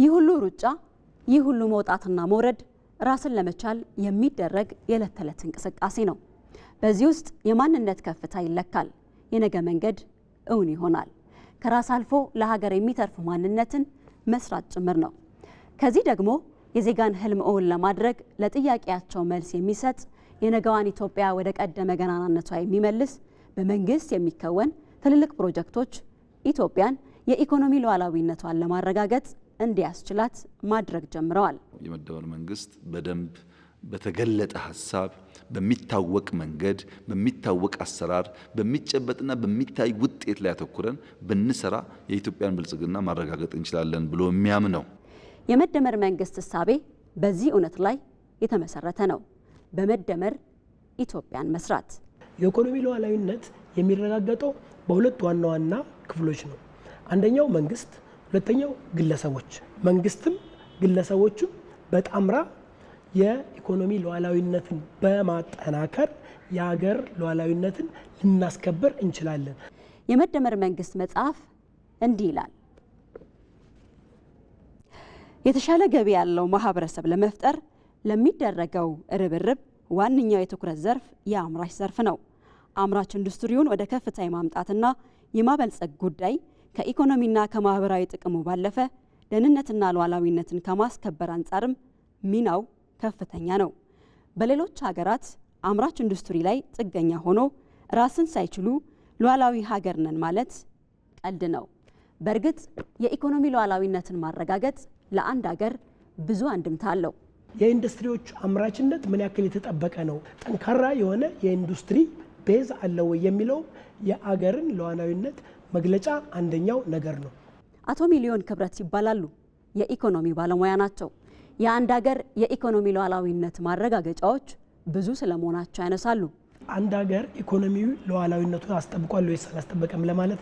ይህ ሁሉ ሩጫ፣ ይህ ሁሉ መውጣትና መውረድ ራስን ለመቻል የሚደረግ የዕለት ተዕለት እንቅስቃሴ ነው። በዚህ ውስጥ የማንነት ከፍታ ይለካል። የነገ መንገድ እውን ይሆናል። ከራስ አልፎ ለሀገር የሚተርፍ ማንነትን መስራት ጭምር ነው። ከዚህ ደግሞ የዜጋን ህልም እውን ለማድረግ ለጥያቄያቸው መልስ የሚሰጥ የነገዋን ኢትዮጵያ ወደ ቀደመ ገናናነቷ የሚመልስ በመንግስት የሚከወን ትልልቅ ፕሮጀክቶች ኢትዮጵያን የኢኮኖሚ ሉዓላዊነቷን ለማረጋገጥ እንዲያስችላት ማድረግ ጀምረዋል። የመደመር መንግስት በደንብ በተገለጠ ሀሳብ በሚታወቅ መንገድ በሚታወቅ አሰራር በሚጨበጥና በሚታይ ውጤት ላይ አተኩረን ብንሰራ የኢትዮጵያን ብልጽግና ማረጋገጥ እንችላለን ብሎ የሚያምነው የመደመር መንግስት እሳቤ በዚህ እውነት ላይ የተመሰረተ ነው። በመደመር ኢትዮጵያን መስራት የኢኮኖሚ ሉዓላዊነት የሚረጋገጠው በሁለት ዋና ዋና ክፍሎች ነው። አንደኛው መንግስት ሁለተኛው ግለሰቦች መንግስትም ግለሰቦችም በጣምራ የኢኮኖሚ ሉዓላዊነትን በማጠናከር የሀገር ሉዓላዊነትን ልናስከብር እንችላለን። የመደመር መንግስት መጽሐፍ እንዲህ ይላል። የተሻለ ገቢ ያለው ማህበረሰብ ለመፍጠር ለሚደረገው ርብርብ ዋነኛው የትኩረት ዘርፍ የአምራች ዘርፍ ነው። አምራች ኢንዱስትሪውን ወደ ከፍታ የማምጣትና የማበልጸግ ጉዳይ ከኢኮኖሚና ከማህበራዊ ጥቅሙ ባለፈ ደህንነትና ሉዓላዊነትን ከማስከበር አንጻርም ሚናው ከፍተኛ ነው። በሌሎች ሀገራት አምራች ኢንዱስትሪ ላይ ጥገኛ ሆኖ ራስን ሳይችሉ ሉዓላዊ ሀገር ነን ማለት ቀልድ ነው። በእርግጥ የኢኮኖሚ ሉዓላዊነትን ማረጋገጥ ለአንድ ሀገር ብዙ አንድምታ አለው። የኢንዱስትሪዎች አምራችነት ምን ያክል የተጠበቀ ነው፣ ጠንካራ የሆነ የኢንዱስትሪ ቤዝ አለው የሚለው የአገርን ሉዓላዊነት መግለጫ አንደኛው ነገር ነው። አቶ ሚሊዮን ክብረት ይባላሉ። የኢኮኖሚ ባለሙያ ናቸው። የአንድ ሀገር የኢኮኖሚ ሉዓላዊነት ማረጋገጫዎች ብዙ ስለመሆናቸው ያነሳሉ። አንድ ሀገር ኢኮኖሚው ሉዓላዊነቱን አስጠብቋል ወይስ አላስጠበቀም ለማለት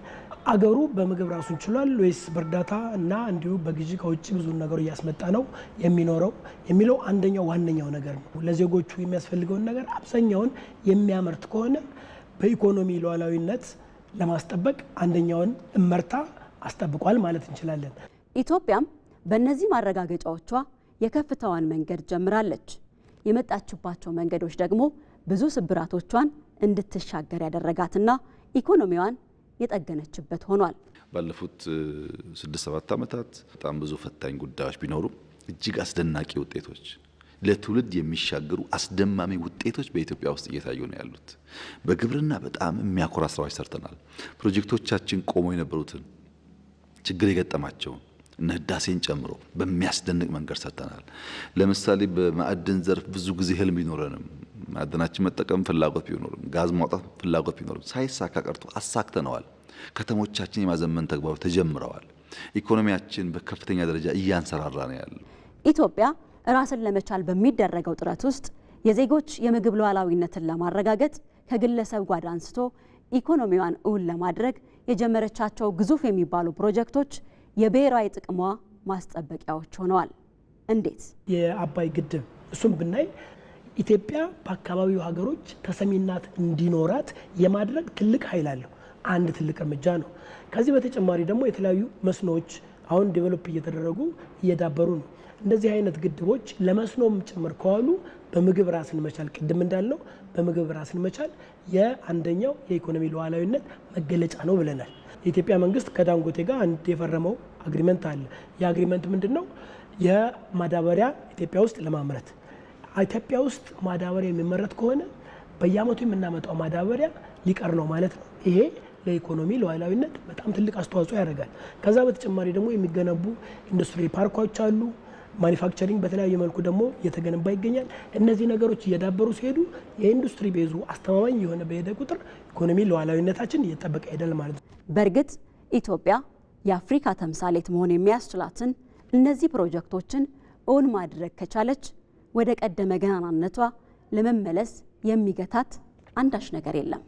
አገሩ በምግብ ራሱን ችሏል ወይስ በእርዳታ እና እንዲሁ በግዢ ከውጭ ብዙ ነገሩ እያስመጣ ነው የሚኖረው የሚለው አንደኛው ዋነኛው ነገር ነው። ለዜጎቹ የሚያስፈልገውን ነገር አብዛኛውን የሚያመርት ከሆነ በኢኮኖሚ ሉዓላዊነት ለማስጠበቅ አንደኛውን እመርታ አስጠብቋል ማለት እንችላለን። ኢትዮጵያም በእነዚህ ማረጋገጫዎቿ የከፍታዋን መንገድ ጀምራለች። የመጣችባቸው መንገዶች ደግሞ ብዙ ስብራቶቿን እንድትሻገር ያደረጋትና ኢኮኖሚዋን የጠገነችበት ሆኗል። ባለፉት ስድስት ሰባት ዓመታት በጣም ብዙ ፈታኝ ጉዳዮች ቢኖሩም እጅግ አስደናቂ ውጤቶች ለትውልድ የሚሻገሩ አስደማሚ ውጤቶች በኢትዮጵያ ውስጥ እየታዩ ነው ያሉት። በግብርና በጣም የሚያኮራ ስራዎች ሰርተናል። ፕሮጀክቶቻችን ቆመው የነበሩትን ችግር የገጠማቸውን እነ ህዳሴን ጨምሮ በሚያስደንቅ መንገድ ሰርተናል። ለምሳሌ በማዕድን ዘርፍ ብዙ ጊዜ ህልም ቢኖረንም ማዕድናችን መጠቀም ፍላጎት ቢኖርም ጋዝ ማውጣት ፍላጎት ቢኖርም ሳይሳካ ቀርቶ አሳክተነዋል። ከተሞቻችን የማዘመን ተግባሮች ተጀምረዋል። ኢኮኖሚያችን በከፍተኛ ደረጃ እያንሰራራ ነው ያለው ኢትዮጵያ ራስን ለመቻል በሚደረገው ጥረት ውስጥ የዜጎች የምግብ ሉዓላዊነትን ለማረጋገጥ ከግለሰብ ጓዳ አንስቶ ኢኮኖሚዋን እውን ለማድረግ የጀመረቻቸው ግዙፍ የሚባሉ ፕሮጀክቶች የብሔራዊ ጥቅሟ ማስጠበቂያዎች ሆነዋል። እንዴት? የአባይ ግድብ እሱም ብናይ ኢትዮጵያ በአካባቢው ሀገሮች ተሰሚናት እንዲኖራት የማድረግ ትልቅ ኃይል አለው። አንድ ትልቅ እርምጃ ነው። ከዚህ በተጨማሪ ደግሞ የተለያዩ መስኖዎች አሁን ዴቨሎፕ እየተደረጉ እየዳበሩ ነው። እንደዚህ አይነት ግድቦች ለመስኖም ጭምር ከዋሉ በምግብ ራስን መቻል ቅድም እንዳለው በምግብ ራስን መቻል የአንደኛው የኢኮኖሚ ሉዓላዊነት መገለጫ ነው ብለናል። የኢትዮጵያ መንግስት ከዳንጎቴ ጋር አንድ የፈረመው አግሪመንት አለ። የአግሪመንት ምንድን ነው? የማዳበሪያ ኢትዮጵያ ውስጥ ለማምረት ኢትዮጵያ ውስጥ ማዳበሪያ የሚመረት ከሆነ በየአመቱ የምናመጣው ማዳበሪያ ሊቀር ነው ማለት ነው። ይሄ ለኢኮኖሚ ለዋላዊነት በጣም ትልቅ አስተዋጽኦ ያደርጋል። ከዛ በተጨማሪ ደግሞ የሚገነቡ ኢንዱስትሪ ፓርኮች አሉ። ማኒፋክቸሪንግ በተለያየ መልኩ ደግሞ እየተገነባ ይገኛል። እነዚህ ነገሮች እየዳበሩ ሲሄዱ የኢንዱስትሪ ቤዙ አስተማማኝ የሆነ በሄደ ቁጥር ኢኮኖሚ ሉዓላዊነታችን እየጠበቀ ሄደል ማለት ነው። በእርግጥ ኢትዮጵያ የአፍሪካ ተምሳሌት መሆን የሚያስችላትን እነዚህ ፕሮጀክቶችን እውን ማድረግ ከቻለች ወደ ቀደመ ገናናነቷ ለመመለስ የሚገታት አንዳች ነገር የለም።